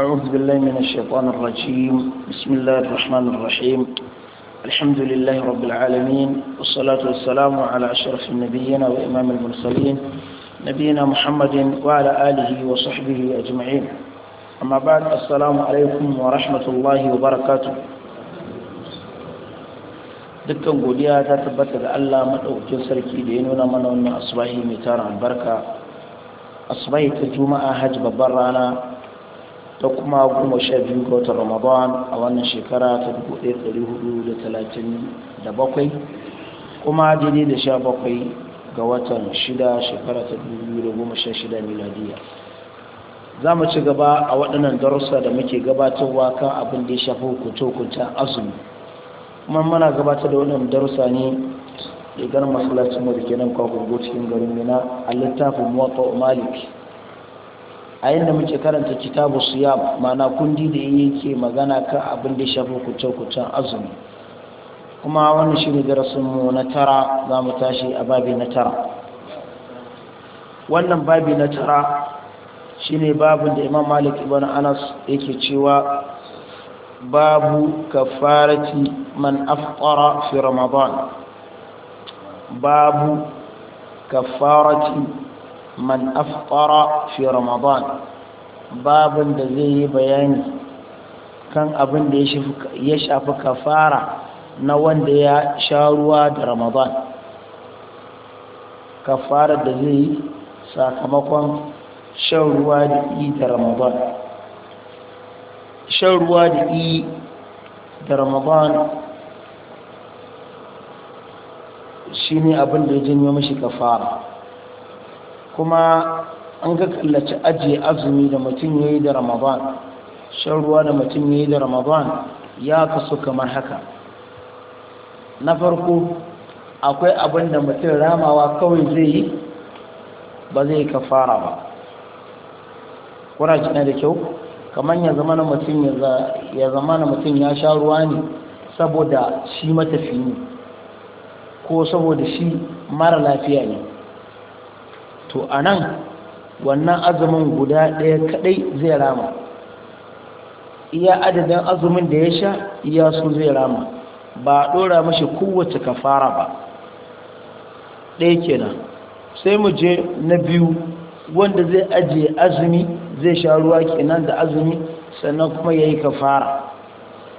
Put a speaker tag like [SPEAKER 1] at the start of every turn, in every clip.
[SPEAKER 1] أعوذ بالله من الشيطان الرجيم بسم الله الرحمن الرحيم الحمد لله رب العالمين والصلاة والسلام على أشرف النبيين وإمام المرسلين نبينا محمد وعلى آله وصحبه أجمعين أما بعد السلام عليكم ورحمة الله وبركاته dukkan godiya ta tabbata ga Allah madaukakin sarki da ya nuna mana wannan asbahi mai tara albarka asbahi ta juma'a hajji babbar rana ta kuma goma sha biyu ga watan ramadan a wannan shekara ta hudu da da talatin bakwai kuma daidai da sha bakwai ga watan shida shekara ta da sha shida miladiya za mu ci gaba a waɗannan darussa da muke gabatarwa kan abin da ya shafi hukunta hukuncen azumi kuma mana gabatar da wannan darussa ne rigar masalacin da ke nan kwakwar cikin garin mina a littafin muwatta malik a yadda muke karanta kitabu siyam mana kundi da yake magana kan abin da shafi kuce-kucen azumi kuma wannan shi ne darasinmu na tara za mu tashi a babi na tara wannan babi na tara shi ne babin da imam malik ibn anas yake cewa babu kafarati man afkara fi ramadan babu kafarati man afṭara fi ramadan babin da zai yi bayani kan abin da ya shafi kafara na wanda ya sha ruwa da ramadan kafara da zai yi sakamakon shan ruwa da yi da ramadan shan ruwa da yi da ramadan shi ne abin da ya janyo mashi kafara kuma an ga kallaci ajiye azumi da mutum ya yi da ramadan shan ruwa da mutum ya yi da ramadan ya kasu kamar haka na farko akwai abin da mutum ramawa kawai zai yi ba zai fara ba kuraci na da kyau kamar ya zama na mutum ya zama mutum ya sha ruwa ne saboda shi matafi ne ko saboda shi mara lafiya ne to a nan wannan azumin guda ɗaya kaɗai zai rama iya adadin azumin da ya sha iya su zai rama ba a ɗora mashi kowace ka fara ba ɗaya kenan sai mu je na biyu wanda zai ajiye azumi zai sha ruwa kenan da azumi sannan kuma ya yi ka fara.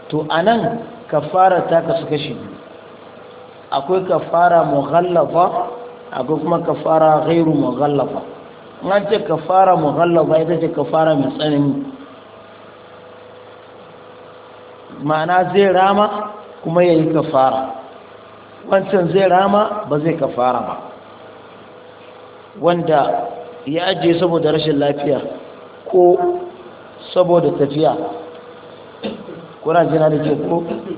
[SPEAKER 1] to a nan fara ta kasu kashi akwai ka fara mughallafa akwai kuma kafara ghairu mughallafa an ce kafara mughallafa ita ce kafara mai tsanani ma'ana zai rama kuma yayi kafara wancan zai rama ba zai kafara ba wanda ya ajiye saboda rashin lafiya ko saboda tafiya kuna jina da ke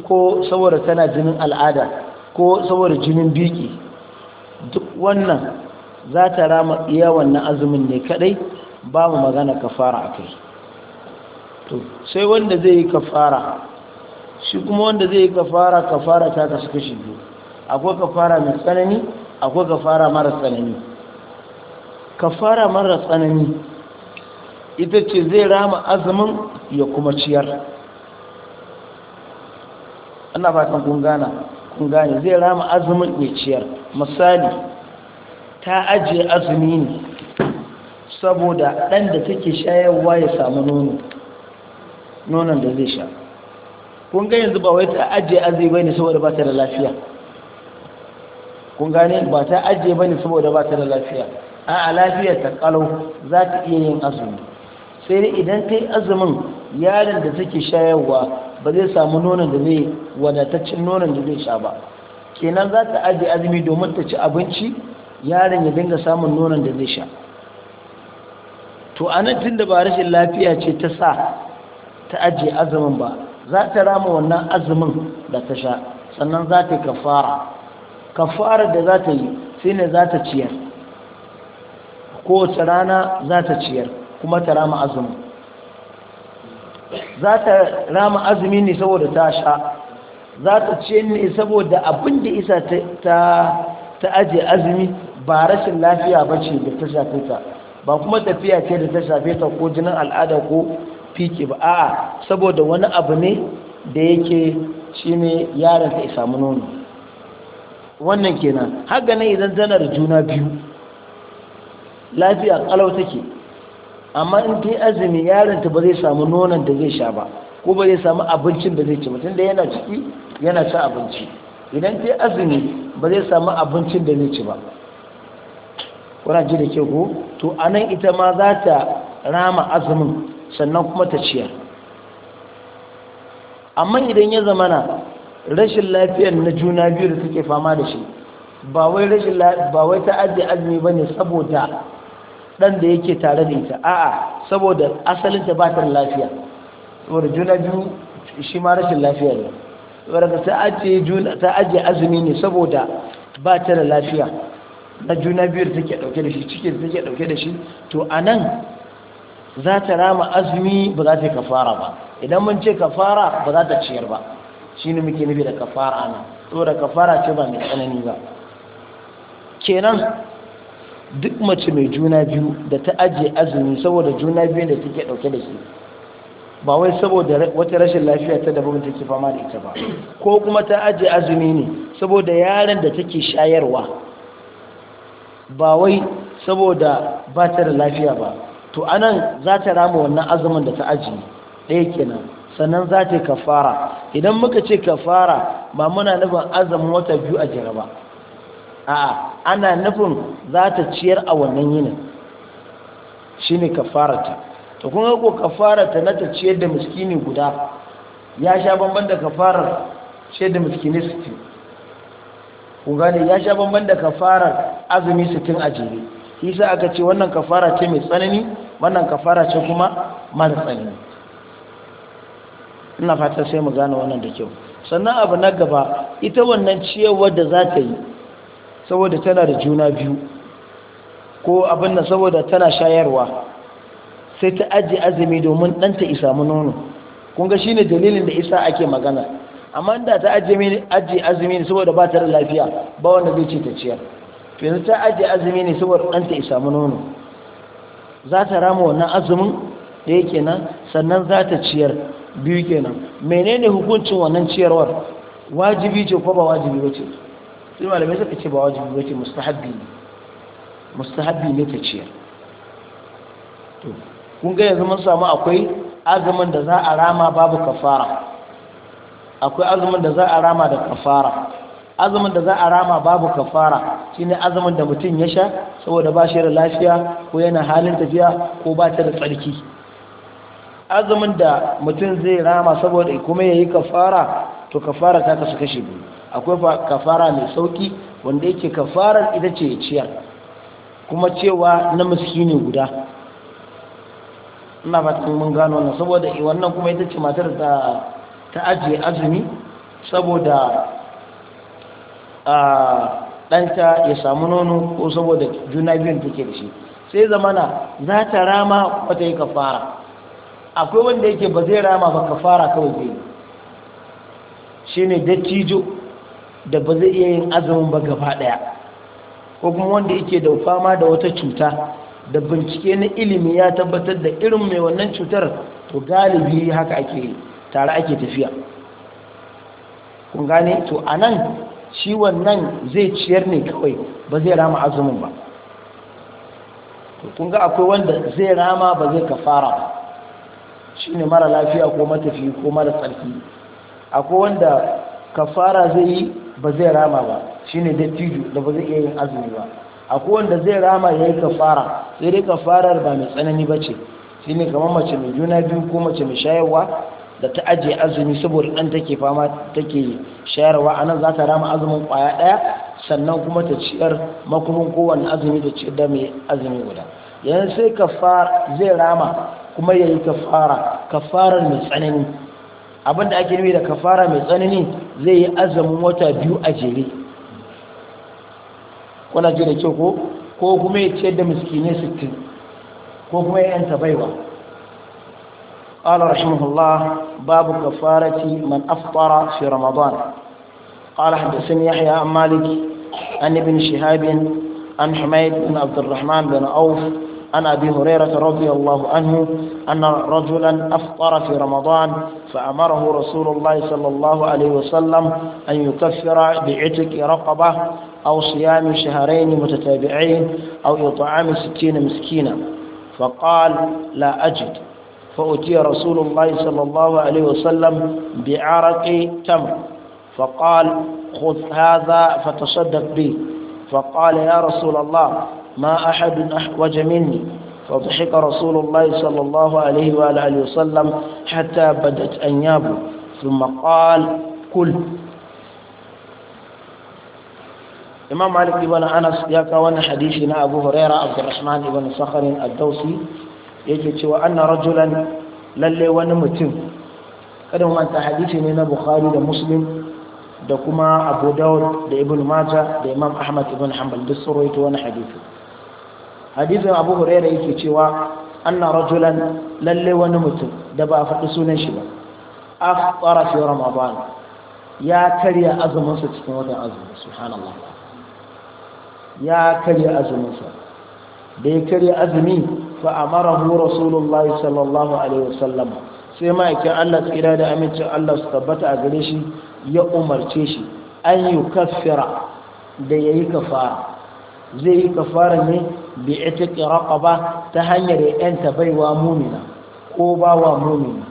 [SPEAKER 1] ko saboda tana jinin al'ada ko saboda jinin biki wannan za ta rama iya wannan azumin ne kadai mu magana kafara a kai to sai wanda zai yi kafara shi kuma wanda zai yi kafara kafara ta kasu kashi biyu akwai kafara mai tsanani akwai kafara mara tsanani kafara mara tsanani ita ce zai rama azumin ya kuma ciyar ana fatan kun kun gane zai rama azumin ya ciyar misali ta ajiye azumi ne saboda ɗan da take shayarwa ya samu nono nonon da zai sha kun ga yanzu ba wai ta ajiye azumi bane saboda ba ta da lafiya kun gane ba ta ajiye bane saboda ba ta da lafiya a lafiyar ta kalau za ta iya yin azumi sai dai idan ta yi azumin yaron da take shayarwa ba zai samu nonon da zai wadataccen nonon da zai sha ba kenan za ta ajiye azumi domin ta ci abinci yaron ya dinga samun nonon da zai sha to a nan tun da ba rashin lafiya ce ta sa ta ajiye azumin ba za ta rama wannan azumin da ta sha sannan za ta yi kafara kafara da za ta yi sai ne za ta ciyar kowace rana za ta ciyar kuma ta rama azumin za ta rama azumi ne saboda ta sha za ta ce ne saboda abin da isa ta ajiye azumi ba rashin lafiya ba ce da ta shafe ta ba kuma tafiya ce da ta shafe ta ko jinin al'ada ko fiki ba a'a saboda wani abu ne da yake shi ne yaron ta isamu nono wannan kenan haka ne idan zanar juna biyu lafiya kalau take amma in ta azumi yaron ta ba zai samu nonon da zai sha ba ko ba zai samu abincin da zai ci mutum da yana ciki yana sa abinci idan ta azumi ba zai samu abincin da zai ci ba kuna ji da kyau ko to anan ita ma za ta rama azumin sannan kuma ta ciyar amma idan ya zamana rashin lafiyar na juna biyu da suke fama da shi ba wai ta ajiye azumi ba ne saboda ɗan da yake tare da ita a'a saboda asalin ta ba ta lafiya saboda juna biyu shi ma rashin lafiyar ne saboda ajiye ta ajiye azumi ne saboda ba ta da lafiya na juna biyar take dauke da shi cikin take dauke da shi to anan za ta rama azumi ba za ta kafara ba idan mun ce kafara ba za ta ciyar ba shine muke nufi da kafara ana saboda kafara ce ba mai tsanani ba kenan duk mace mai juna biyu da ta ajiye azumi saboda juna biyu da take dauke da shi ba wai saboda wata rashin lafiya ta ta take fama da ita ba ko kuma ta ajiye azumi ne saboda yaron da take shayarwa ba wai saboda ba ta da lafiya ba to anan za ta rama wannan azumin da ta ajiye ɗaya kenan sannan za ta yi kafara idan muka ce kafara ba muna nufin azumin wata biyu a jira ba a'a ana nufin za ta ciyar a wannan yinin shine kafarata to kun ga ko kafarata na ta ciyar da miskini guda ya sha bambam da kafarar ciyar da miskini 60 ku gane ya sha bambam da kafarar azumi sittin a jere sa aka ce wannan kafara ce mai tsanani wannan kafara ce kuma mara tsanani ina fata sai mu gane wannan da kyau sannan abu na gaba ita wannan ciyarwar da za ta yi saboda tana da juna biyu ko abin da saboda tana shayarwa sai ta ajiye azumi domin ɗanta isa mu nono kun ga shine dalilin da isa ake magana amma da ta ajiye azumi saboda ba ta da lafiya ba wanda zai ce ta ciyar yanzu ta ajiye azumi ne saboda ɗanta ya samu nono za ta rama wannan azumin da yake nan sannan za ta ciyar biyu kenan menene hukuncin wannan ciyarwar wajibi ce ko ba wajibi ba ce sai malamai suka ce ba wajibi ba ce mustahabbi ne mustahabbi ne ta ciyar to kun ga yanzu mun samu akwai azumin da za a rama babu kafara akwai azumin da za a rama da kafara azumin da za a rama babu kafara shine azumin da mutum ya sha saboda ba shi da lafiya ko yana halin tafiya ko ba ta da tsarki azumin da mutum zai rama saboda kuma yayi kafara to kafara ta kasu kashe biyu akwai kafara mai sauki wanda yake kafarar ita ce ciyar kuma cewa na miskini guda ina fatan mun gano wannan saboda wannan kuma ita ce matar da ta ajiye azumi saboda ɗanta ya samu nono ko saboda juna biyun take da shi sai zamana za ta rama wata yi kafara akwai wanda yake ba zai rama ba kafara kawai zai shi ne dattijo da ba zai iya yin azumin ba gaba ɗaya ko kuma wanda yake da fama da wata cuta da bincike na ilimi ya tabbatar da irin mai wannan cutar to galibi haka ake tare ake tafiya kun gane to a nan Ciwon nan zai ciyar ne kawai ba zai rama azumin ba kun ga akwai wanda zai rama ba zai kafara ba shi ne mara lafiya ko matafi ko mara tsarki akwai wanda kafara zai yi ba zai rama ba shi ne dattijo da ba zai iya yin azumi ba akwai wanda zai rama ya yi kafara sai dai kafarar ba mai tsanani ba ce shi ne kamar mace mai juna biyu ko mace mai shayarwa da ta ajiye azumi saboda ɗan take fama take shayarwa a nan za ta rama azumin kwaya ɗaya sannan kuma ta ciyar makurin kowane azumi da ciyar da mai azumi guda yanzu sai ka fara zai rama kuma ya yi ka fara, ka fara mai tsanani abinda ake nufi da ka fara mai tsanani zai yi azumin wata biyu a jere kuna ji da kyau ko ko kuma ya ciyar da miskinai sittin ko kuma ya yanta baiwa قال رحمه الله باب كفارة من أفطر في رمضان قال حدثني يحيى عن مالك عن ابن شهاب عن حميد بن عبد الرحمن بن عوف عن أبي هريرة رضي الله عنه أن رجلا أفطر في رمضان فأمره رسول الله صلى الله عليه وسلم أن يكفر بعتق رقبة أو صيام شهرين متتابعين أو إطعام ستين مسكينا فقال لا أجد فأتي رسول الله صلى الله عليه وسلم بعرق تمر فقال خذ هذا فتصدق به فقال يا رسول الله ما أحد أحوج مني فضحك رسول الله صلى الله عليه وآله وسلم حتى بدت أنيابه ثم قال كل إمام مالك بن أنس يكا وانا حديثنا أبو هريرة عبد الرحمن بن صخر الدوسي يجي وأن رجلا للي ونمتم kada mu manta hadisi ne na bukhari da muslim da kuma abu dawud da ibn maja da imam ahmad ibn hanbal duk sun rawaito wani hadisi hadisin abu huraira yake cewa anna rajulan lalle wani mutum da ba a faɗi sunan shi ba afqara fi ramadan ya karya azumin sa cikin watan azumi subhanallah ya karya azumin da ya karya azumi fa amarahu rasulullahi sallallahu alaihi wasallam sai ma'aikin Allah tsira da amincin Allah su tabbata a gare shi ya umarce shi an yi kafira da ya yi kafara zai yi kafara ne bi ita ƙiraƙa ba ta hanyar yanta baiwa mumina ko ba wa mumina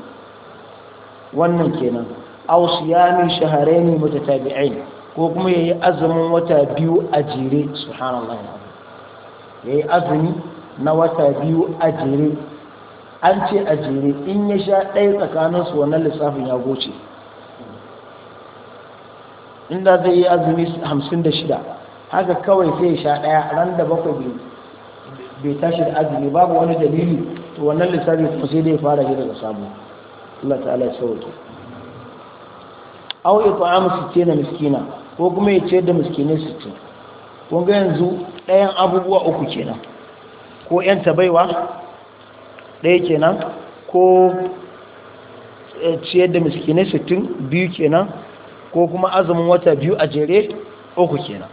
[SPEAKER 1] wannan kenan ausu ya mi shahare ne tabi'ai ko kuma ya yi azumin wata biyu a jere subhanallah ya yi azumi na wata biyu a jere an ce a jere in ya sha ɗaya tsakaninsu wannan lissafin ya goce inda zai yi azumi hamsin da shida haka kawai sai ya sha ɗaya ran da bakwai bai tashi da azumi babu wani dalili to wannan lissafi kuma sai dai fara shi daga samu Allah ta'ala ya sauke aw it'amu na miskina ko kuma ya ce da miskinai 60 kun ga yanzu ɗayan abubuwa uku kenan ko yan tabaiwa ɗaya kenan ko eh, ciyar da miskinai tun biyu kenan ko kuma azumin wata biyu a jere uku kenan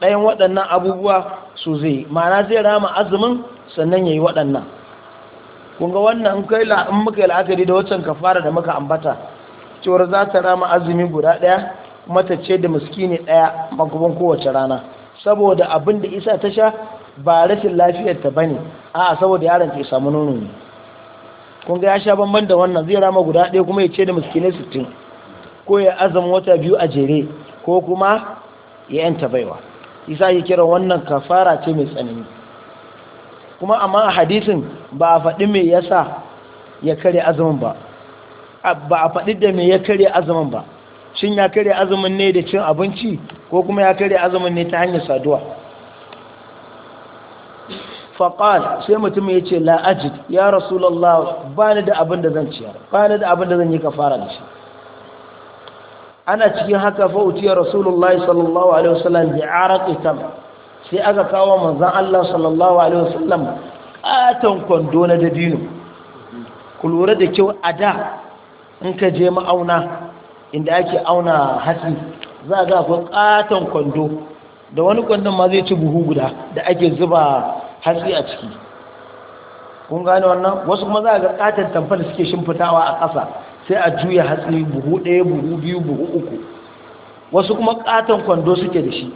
[SPEAKER 1] ɗayan waɗannan abubuwa su zai ma'ana zai rama azumin sannan ya yi waɗannan kunga wannan in muka yi la'akari da waccan fara da muka ambata cewar za ta rama azumi guda ɗaya ce da ne ɗaya magaban kowace rana saboda abin da isa ta sha ba rashin lafiyar ta bane a'a saboda yaron ta samu nono ne kun ga ya sha bamban da wannan zai rama guda ɗaya kuma ya ce da miskinai sittin ko ya azama wata biyu a jere ko kuma ya yanta baiwa isa ya kira wannan kafara ce mai tsanani kuma amma a hadisin ba a faɗi mai yasa ya kare azumin ba ba a faɗi da mai ya kare azumin ba shin ya kare azumin ne da cin abinci ko kuma ya kare azumin ne ta hanyar saduwa faƙal sai mutum ya ce la'ajid ya rasulallah ba ni da abin da zan ciyar ba ni da abin da zan yi kafara da shi ana cikin haka fa'uciya rasulullahi sallallahu alaihi wasallam bi araqi tam sai aka kawo manzan Allah sallallahu alaihi wasallam katon kwando na dabino ku lura da kyau a da in ka je ma'auna inda ake auna hatsi za ga ku katon kwando da wani kwandon ma zai ci buhu guda da ake zuba hatsi a ciki kun gane wannan wasu kuma za ga katon da suke shimfitawa a ƙasa sai a juya hatsi buhu ɗaya buhu biyu buhu uku wasu kuma ƙaton kwando suke da shi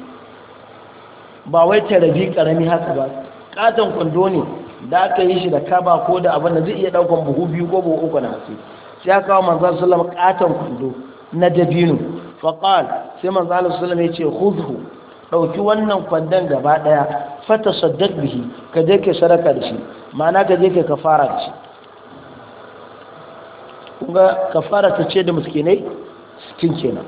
[SPEAKER 1] ba wai tarabi ƙarami haka ba ƙaton kwando ne da aka yi shi da kaba ko da abin da zai iya ɗaukar buhu biyu ko buhu uku na hatsi sai ya kawo manzan sallama ƙaton kwando na dabino faƙal sai manzan sallama ya ce huzhu ɗauki wannan kwandon gaba ɗaya fata saddak bihi ka je ke sadaka da shi ma'ana ka je ke ka fara da shi kuma kafara ta ce da muskinai cikin kenan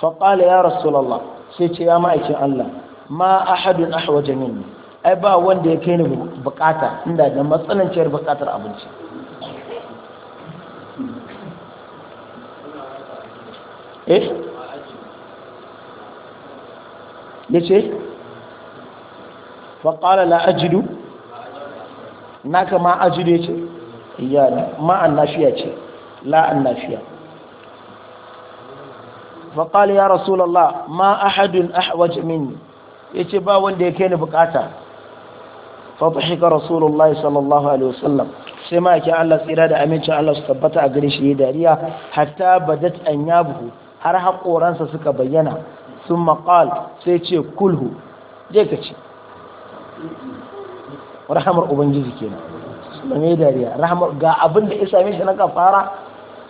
[SPEAKER 1] faƙala ya rasulallah sai ce ya ma'aikin allah ma ahadun ahwaja minni ai ba wanda ya kai ni bukata inda da ciyar bukatar abinci eh ya ce faƙala la ajidu naka ma ajidu ya ce ya ma'an nafiya ce la'an nafiya faƙali ya rasulallah ma ahadun ahwaj minni ya ce ba wanda ya kai ni bukata fatahika rasulullah sallallahu alaihi wasallam sai ma yake Allah tsira da amincin Allah su tabbata a gare shi ya dariya hatta badat an yabuhu har haƙoransa suka bayyana sun maƙal sai ce kulhu je ka ci rahamar ubangiji kenan ba dariya rahama ga abin da ya same shi na kafara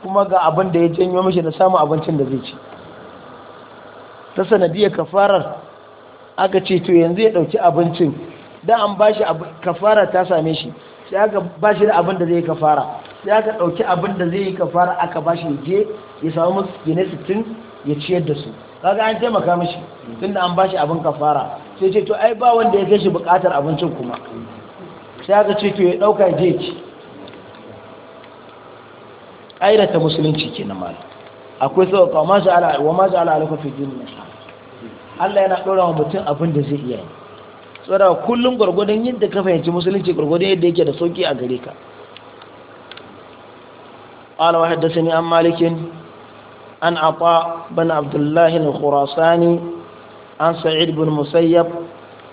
[SPEAKER 1] kuma ga abin da ya janyo mishi na samun abincin da zai ci ta sanadiyar kafarar aka ce to yanzu ya dauki abincin da an bashi kafara ta same shi sai aka bashi da abin da zai kafara sai aka dauki abin da zai kafara aka bashi je ya samu musu gine 60 ya ciyar da su kaga an taimaka mishi tunda an bashi abin kafara sai ce to ai ba wanda ya kai shi bukatar abincin kuma sai aka ce to ya dauka je ci aida ta musulunci kenan mal akwai sauka ka sha Allah wa ma sha Allah alaikum fi dinin Allah yana dora wa mutum abin da zai iya tsara kullum gurgurdan yadda ka fahimci musulunci gurgurdan yadda yake da sauki a gare ka wa haddathani an malikin an عطاء bin Abdullahi al-khurasani an sa'id bin musayyab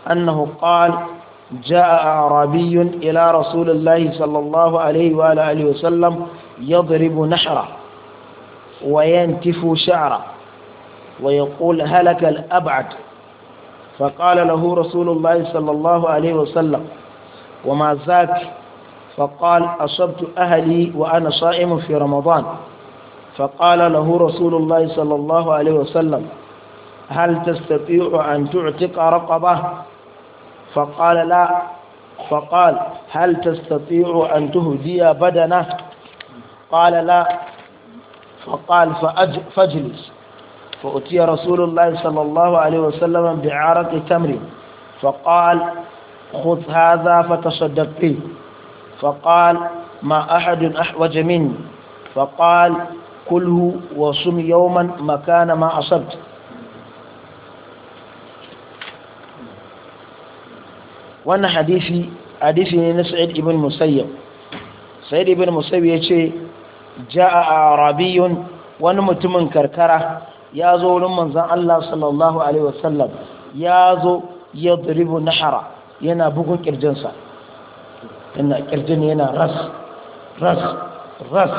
[SPEAKER 1] annahu qala جاء أعرابي إلى رسول الله صلى الله عليه وآله وسلم يضرب نحره وينتف شعره ويقول هلك الأبعد فقال له رسول الله صلى الله عليه وسلم وما ذاك فقال أصبت أهلي وأنا صائم في رمضان فقال له رسول الله صلى الله عليه وسلم هل تستطيع أن تعتق رقبه فقال لا فقال هل تستطيع أن تهدي بدنه قال لا فقال فاجلس فأتي رسول الله صلى الله عليه وسلم بعارة تمر فقال خذ هذا فتصدق به فقال ما أحد أحوج مني فقال كله وصم يوما مكان ما أصبت wannan hadisi hadisi ne na sa'id ibn musayyab sa'id ibn musayyab ya ce ja'a arabiyun wani mutumin karkara ya zo wurin manzon Allah sallallahu alaihi wasallam ya zo ya na nahara yana bugun ƙirjinsa, yana kirjin yana ras ras ras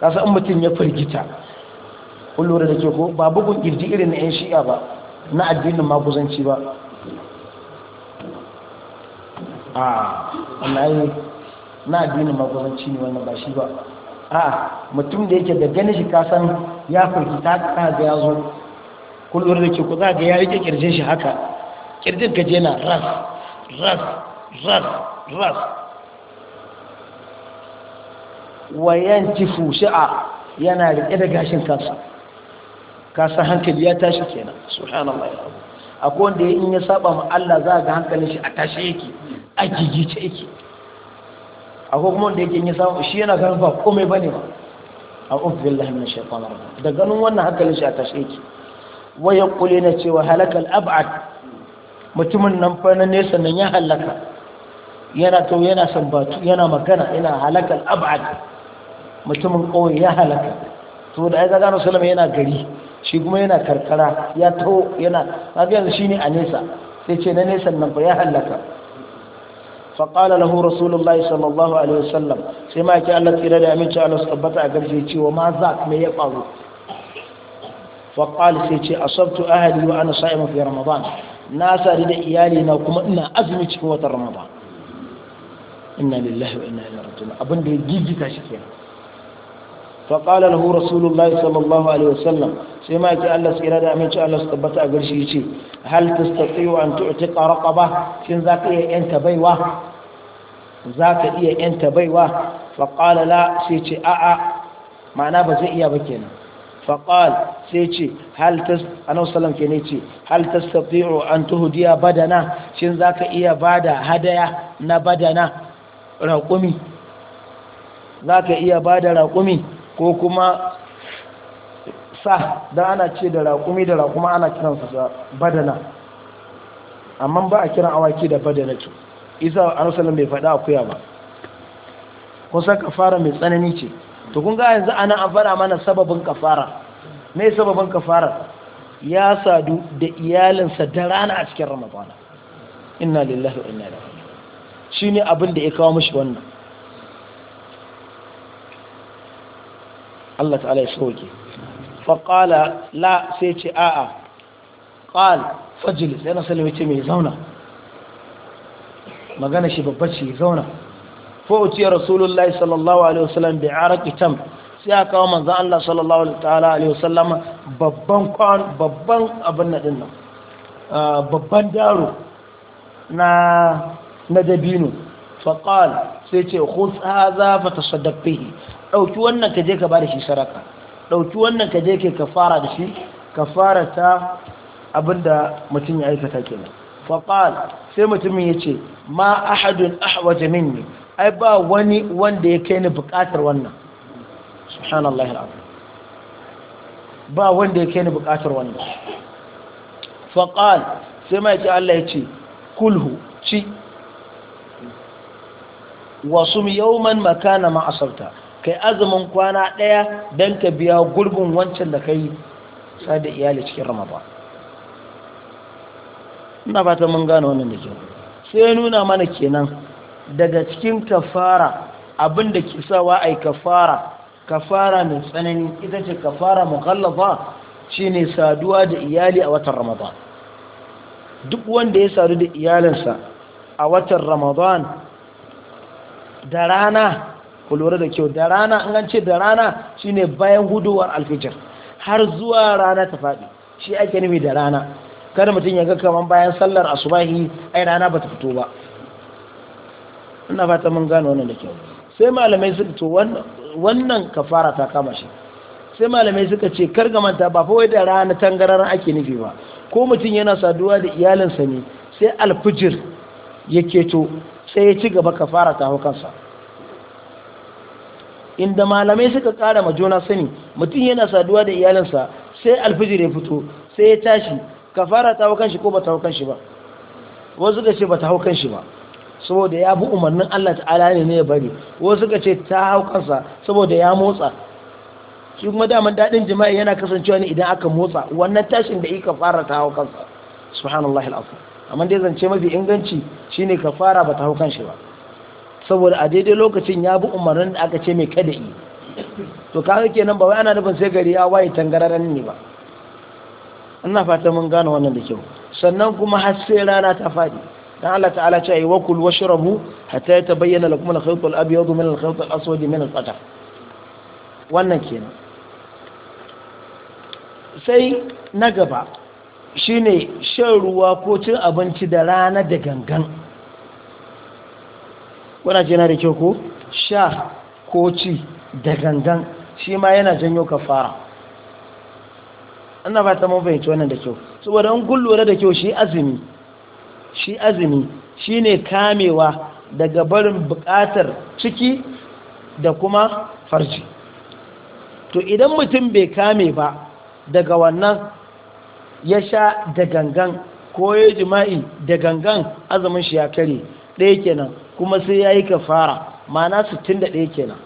[SPEAKER 1] kasa in mutum ya firgita kullum da ke ko ba bugun kirji irin na 'yan shi'a ba na addinin maguzanci ba a yi na addinin magwabanci ne wannan ba shi ba a mutum da yake da ganin shi kasan ya ta ka ga ya zo kullum da ke ku za ga ya rike kirjin shi haka kirjin ka je na ras ras ras ras wayan jifu shi'a yana rike da gashin kansa kasan hankali ya tashi kenan subhanallah akwai wanda in ya saba ma Allah za ga hankalin shi a tashi yake a gigice yake akwai kuma wanda yake yi samu shi yana ganin ba komai ne ba a ofin lahimin shaitan rana da ganin wannan hankali shi a tashe yake waya kule na cewa halakal ab'ad mutumin nan fa na nesa nan ya halaka yana to yana sambatu yana magana yana halakal ab'ad mutumin kawai ya halaka to da ai gano sallama yana gari shi kuma yana karkara ya to yana kaga shi ne a nesa sai ce na nesa nan ba ya halaka فقال له رسول الله صلى الله عليه وسلم سيما كي الله تيرا دا امين الله سبتا اغرجي تي وما ذاك ما يقارو فقال سيتي اصبت اهلي وانا صائم في رمضان ناس اريد ايالي نا كما ان ازمي في وتر رمضان انا لله وانا اليه راجعون ابن da gigita shi kenan فقال له رسول الله صلى الله عليه وسلم سيما كي الله تيرا دا امين الله سبتا اغرجي تي hal tastati'u an tu'tiqa raqaba shin za ka iya yanta baiwa ka iya yanta baiwa fa qala la sai ce a a ma'ana ba zai iya ba kenan fa qala sai ce hal tas annabi sallam kenan ce hal tastati'u an tuhdiya badana shin za ka iya bada hadaya na badana raƙumi zaka iya bada raƙumi ko kuma sa don ana ce da raƙumi da raƙuma ana kiransa da badana amma ba a kiran awaki da badana ce isa arusalam bai faɗa akuya ba kusan kafara mai tsanani ce to kun ga yanzu ana an fara mana sababin kafara me sababin kafara ya sadu da iyalinsa da rana a cikin ramadana inna lillahi wa inna ilaihi shine abin da ya kawo mishi wannan Allah ta'ala ya sauke faƙala la sai ce a'a ƙal fajil sai na salama ce mai zauna magana shi babba ce zauna fa'uciyar rasulullahi sallallahu alaihi wasallam bai araki tam sai a kawo manzan Allah sallallahu alaihi wasallam babban kwan babban abin na dinnan ah, babban daro na dabinu. dabino faƙal sai ce hutsa za fa tasaddaq ɗauki wannan ka je ka ba da shi saraka ɗauki wannan ka je ke kafara da shi kafara ta abinda mutum ya aikata kenan faƙal sai mutumin ya ce ma ahadun min ne ai ba wani wanda ya kai ni buƙatar wannan subhanallah alazim ba wanda ya kai ni buƙatar wannan faƙal sai mai ce Allah ce kulhu ci wasu man makana ma asarta kai azumin kwana ɗaya don ka biya gurbin wancan da ka yi da iyali cikin ramadan ina fata mun gane wannan da kyau sai ya nuna mana kenan daga cikin kafara abin da ke sawa ai kafara kafara mai tsanani ita ce kafara mughallaza shine saduwa da iyali a watan ramadan duk wanda ya sadu da iyalinsa a watan ramadan da rana ku lura da kyau da rana an an ce da rana shine bayan huduwar alfijir har zuwa rana ta faɗi shi ake nufi da rana kada mutum ya ga kaman bayan sallar asubahi ai rana bata fito ba ina fata mun gano wannan da kyau sai malamai suka to wannan kafara ta kama shi sai malamai suka ce kar ga manta ba fa wai da rana tangararan ake nufi ba ko mutum yana saduwa da iyalinsa ne sai alfijir ya keto sai ya ci gaba kafara ta hukansa kansa inda malamai suka ƙara ma juna sani mutum yana saduwa da iyalinsa sai alfijir ya fito sai ya tashi ka fara ta hau shi ko ba ta hau shi ba wasu ka ce ba ta hau shi ba saboda ya bi umarnin Allah ta'ala ne ya bari wasu ka ce ta hau kansa saboda ya motsa shi kuma daman daɗin jima'i yana kasancewa ne idan aka motsa wannan tashin da ika fara ta hau kansa subhanallahi al'afu amma dai zance mafi inganci shine fara ba ta hau kanshi ba saboda a daidai lokacin ya bi umarnin da aka ce mai kada yi to kaga kenan ba wai ana nufin sai gari ya waye tangararren ne ba ina fata mun gane wannan da kyau sannan kuma har sai rana ta fadi dan Allah ta'ala ce ayi wakul washrabu hatta yatabayyana lakum al-khayt al-abyad min al-khayt al-aswad min al qatar wannan kenan sai na gaba shine shan ruwa ko cin abinci da rana da gangan kuna yana da kyau ko sha ko ci da gangan shi ma yana janyo kafara ana ba ta mafaita wannan da kyau saboda an gullura da kyau shi azumi shi azumi shi kamewa daga barin bukatar ciki da kuma farji to idan mutum bai kame ba daga wannan ya sha da gangan ko ya jima'i da gangan azumin shi ya kare ɗaya kenan kuma sai ya yi kafara mana 61 kenan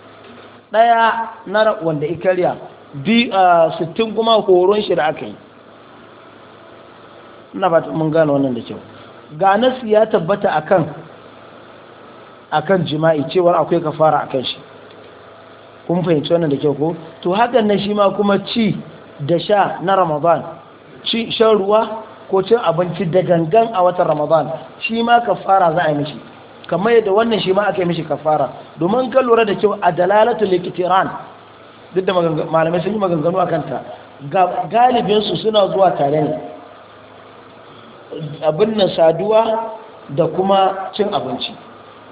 [SPEAKER 1] ɗaya na wanda ikariya 60 kuma horon shi da aka yi na ba mun gane wannan da kyau ga nasu ya tabbata akan akan jima'i cewar akwai kafara akan shi kun fahimci wannan da kyau ko to hakan na shi ma kuma ci da sha na ramadan ci shan ruwa ko cin abinci da gangan a watan ramadan shi ma kafara za a yi mishi kamar yadda wannan shi ma aka yi mishi kafara domin ka lura da kyau a dalalatu likitiran duk da malamai sun yi maganganu a kanta galibinsu suna zuwa tare ne abin nan saduwa da kuma cin abinci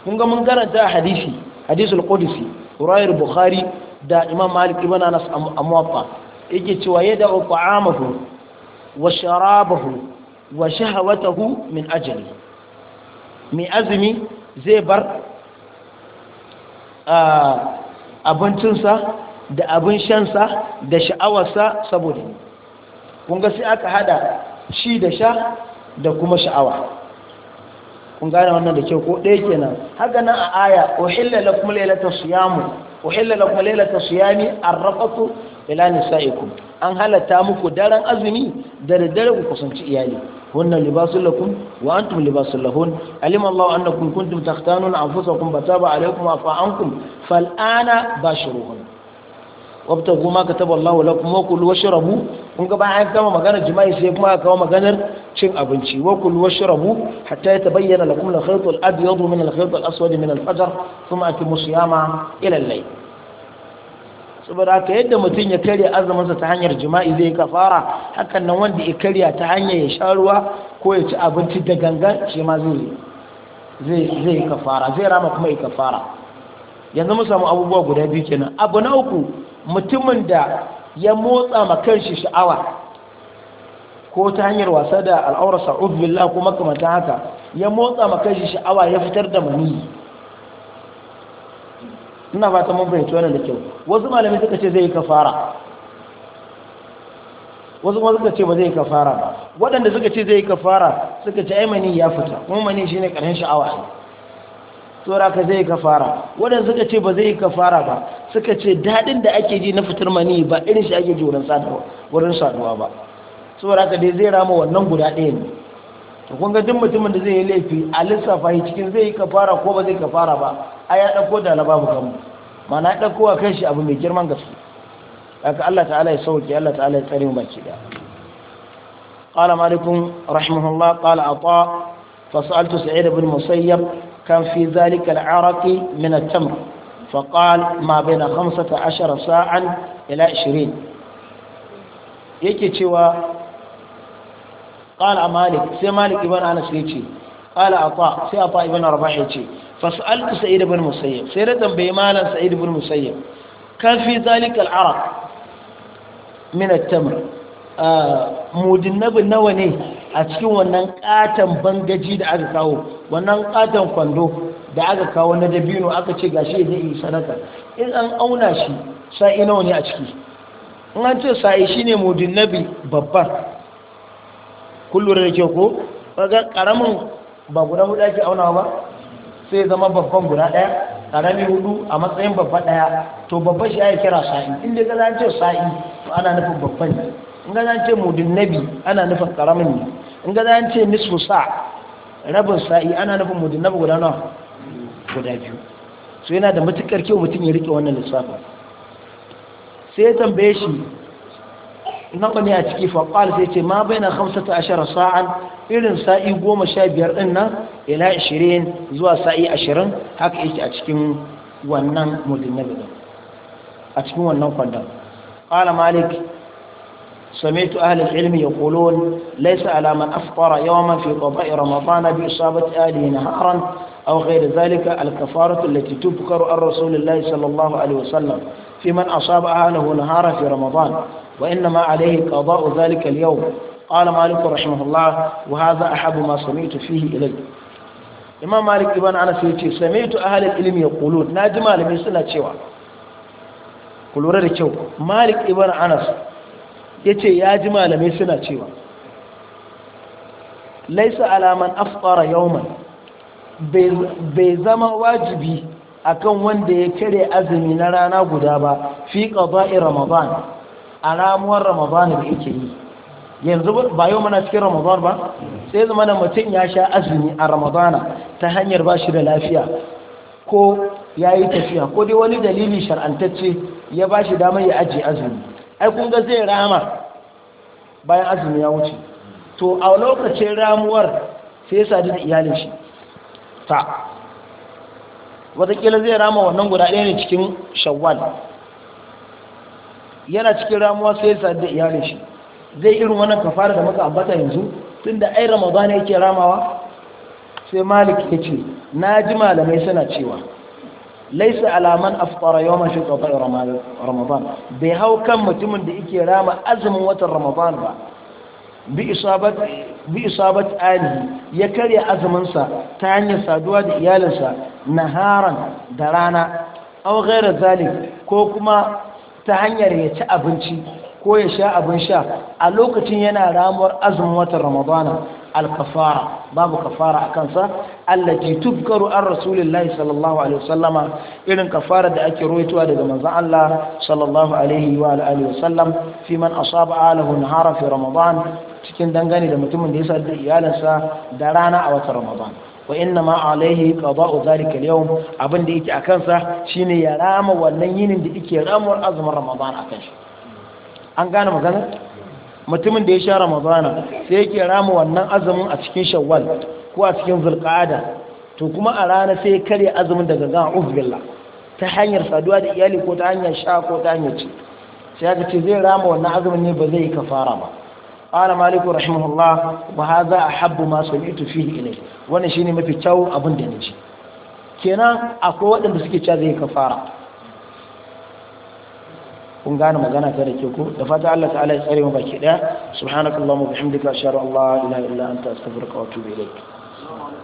[SPEAKER 1] kun ga mun karanta hadisi hadisul qudsi ruwayar bukhari da imam malik ibn anas amwafa yake cewa yada qa'amahu wa sharabahu wa shahawatahu min ajali mai azumi zai bar abincinsa da abin shansa da sha'awarsa saboda kunga sai aka hada shi da sha da kuma sha'awa kun gane wannan da kyau ko ɗaya kenan haka nan a aya kuma uhilla lakum lailatul siyam uhilla lakum lailatul siyami rafatu ila nisaikum an halatta muku daren azumi da daddare ku kusanci iyali هن لباس لكم وأنتم لباس لهن علم الله أنكم كنتم تختانون أنفسكم فتاب عليكم وعفى عنكم فالآن باشروهن wabtagu ma kataba Allahu lakum wa kulu kun ga an gama maganar jima'i sai kuma aka kawo maganar cin abinci wa kulu washrabu hatta yatabayyana lakum al-khayt al-abyad min al-khayt al-aswad min al-fajr thumma atimu siyama ila al-layl saboda haka yadda mutum ya karya azuminsa ta hanyar jima'i zai kafara hakan nan wanda ya karya ta hanyar ya sha ruwa ko ya ci abinci da gangan shi ma zai zai kafara zai rama kuma ya kafara yanzu mu samu abubuwa guda biyu kenan abu na uku mutumin da ya motsa ma kanshi sha'awa ko ta hanyar wasa da al'aurar al'aurarsa ubillah kuma makamantan haka ya motsa ma kanshi sha'awa ya fitar da maniyi ina ba ta mun fahimci wannan da kyau wasu malamai suka ce zai yi kafara wasu kuma suka ce ba zai yi kafara ba waɗanda suka ce zai yi kafara suka ce aimani ya fita kuma mani shine ƙarshen sha'awa ne tsora ka zai yi kafara waɗanda suka ce ba zai yi kafara ba suka ce daɗin da ake ji na fitar mani ba irin shi ake ji wurin saduwa ba tsora ka dai zai rama wannan guda ɗaya ne to kun ga duk mutumin da zai yi laifi a lissafa shi cikin zai yi kafara ko ba zai kafara ba a ya ɗauko da na babu kanmu mana ya ɗauko a kan shi abu mai girman gaske haka Allah ta'ala ya sauke Allah ta'ala ya tsare mu baki da qala malikun rahimahullah qala ata فسألت سعيد kan fi كان في ذلك العرق من التمر فقال ما بين خمسة عشر ساعا إلى عشرين yake cewa qala malik sai malik ibn anas ya ce qala ata sai ata ibn rabah ya ce fas'altu sa'id ibn musayyib sai da tambaye malan sa'id ibn musayyib kan fi zalika al-araq min ah, nawa ne a cikin wannan katon bangaji da aka kawo wannan katon kwando da aka kawo na dabino aka ce gashi zai yi sanaka? in an auna shi sa'i nawa ne a ciki in an ce sa'i shine mudinnabi babbar kullum da ke ko ga karamin ba guda hudu ake aunawa ba sai zama babban guda daya karami hudu a matsayin babba daya to babba shi ake kira sa'i in dai gaza ce sa'i to ana nufin babban ne in gaza ce mudin nabi ana nufin karamin ne in gaza ce nisfu sa rabin sa'i ana nufin mudin nabi guda nawa guda biyu so yana da matukar kyau mutum ya rike wannan lissafin sai ya tambaye shi imam bani a ciki fa qala sai ce ma baina 15 sa'an irin sa'i 15 din nan ila 20 zuwa sa'i 20 haka yake a cikin wannan mudinnabi din a cikin سمعت أهل العلم يقولون ليس على من أفطر يوما في قضاء رمضان بإصابة أهله نهارا أو غير ذلك الكفارة التي تبكر الرسول الله صلى الله عليه وسلم في من أصاب أهله نهارا في رمضان وإنما عليه قضاء ذلك اليوم قال مالك رحمه الله وهذا أحب ما سمعت فيه إلي إمام مالك ابن أنس يقول سمعت أهل العلم يقولون ناجم علم يسنى تشوى قلوا رأي تشوى مالك ابن أنس يتي ياجم علم يسنى تشوى ليس على من أفطر يوما bai zama wajibi akan wanda ya kare azumi na rana guda ba fi qada'i ramadan a ramuwar ramadana da yake yi yanzu ba yau mana cikin ramadan ba sai zama da mutum ya sha azumi a ramadana ta hanyar ba shi da lafiya ko ya yi tafiya ko dai wani dalili shar'antacce ya ba shi damar ya ajiye azumi ai kun ga zai rama bayan azumi ya wuce to a lokacin ramuwar sai ya sadu da iyalin shi ta watakila zai rama wannan guda ɗaya ne cikin shawwal yana cikin ramuwa sai ya sadu da iyalin shi zai irin wannan kafara da muka ambata yanzu tunda ai ramadana yake ramawa sai malik ya ce na ji malamai suna cewa laisa alaman afkara yau mashi ƙafar ramadan bai hau kan mutumin da yake rama azumin watan ramadan ba bi isabat Ali ya karya azuminsa ta hanyar saduwa da iyalinsa naharan da rana au gairar zalik ko kuma ta hanyar ya ci abinci ko ya sha abin sha a lokacin yana ramuwar azumin watan ramadana alkafara babu kafara a kansa allaji tubkaru an rasulullahi sallallahu alaihi wasallama irin kafara da ake roituwa daga manzan Allah sallallahu alaihi wa alihi wasallam fi man asaba alahu nahara fi ramadan cikin dangane da mutumin da ya da iyalinsa da rana a watan ramadan wa inna ma alaihi kaba'u zalika al-yawm abin da yake akan sa shine ya rama wannan yinin da yake ramuwar azumin ramadan akan shi an gane magana mutumin da ya sha ramadana sai yake rama wannan azumin a cikin shawwal ko a cikin zulqa'ada to kuma a rana sai ya karya azumin daga gan uzbillah ta hanyar saduwa da iyali ko ta hanyar sha ko ta hanyar ci sai aka ce zai rama wannan azumin ne ba zai yi kafara ba qala maliku rahimahullah wa hadha ahabbu ma sami'tu fihi ilayhi wannan shine mafi kyau abin da naji kenan akwai waɗanda suke cewa zai kafara kun gane magana ta da ke da fata Allah ta'ala ya tsare mu baki daya subhanakallahumma wa bihamdika ashhadu an la ilaha illa anta astaghfiruka wa atubu ilaik